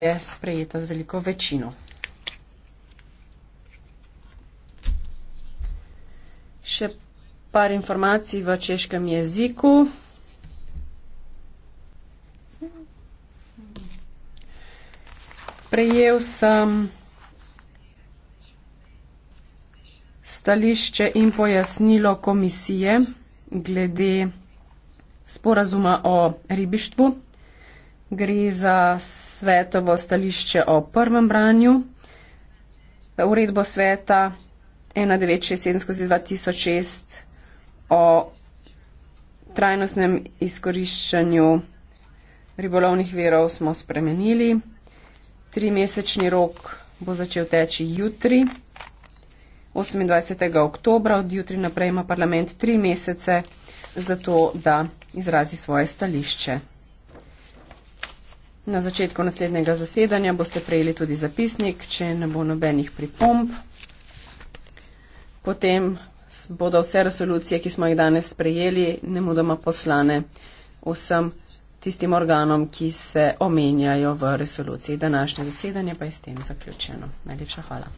je sprejeta z veliko večino. Še par informacij v češkem jeziku. Prejel sem stališče in pojasnilo komisije glede sporazuma o ribištvu. Gre za svetovo stališče o prvem branju, uredbo sveta 1967-2006 o trajnostnem izkoriščanju ribolovnih verov smo spremenili. Trimesečni rok bo začel teči jutri, 28. oktobra, od jutri naprej ima parlament tri mesece za to, da izrazi svoje stališče. Na začetku naslednjega zasedanja boste prejeli tudi zapisnik, če ne bo nobenih pripomb. Potem bodo vse resolucije, ki smo jih danes sprejeli, nemudoma poslane vsem tistim organom, ki se omenjajo v resoluciji. Današnje zasedanje pa je s tem zaključeno. Najlepša hvala.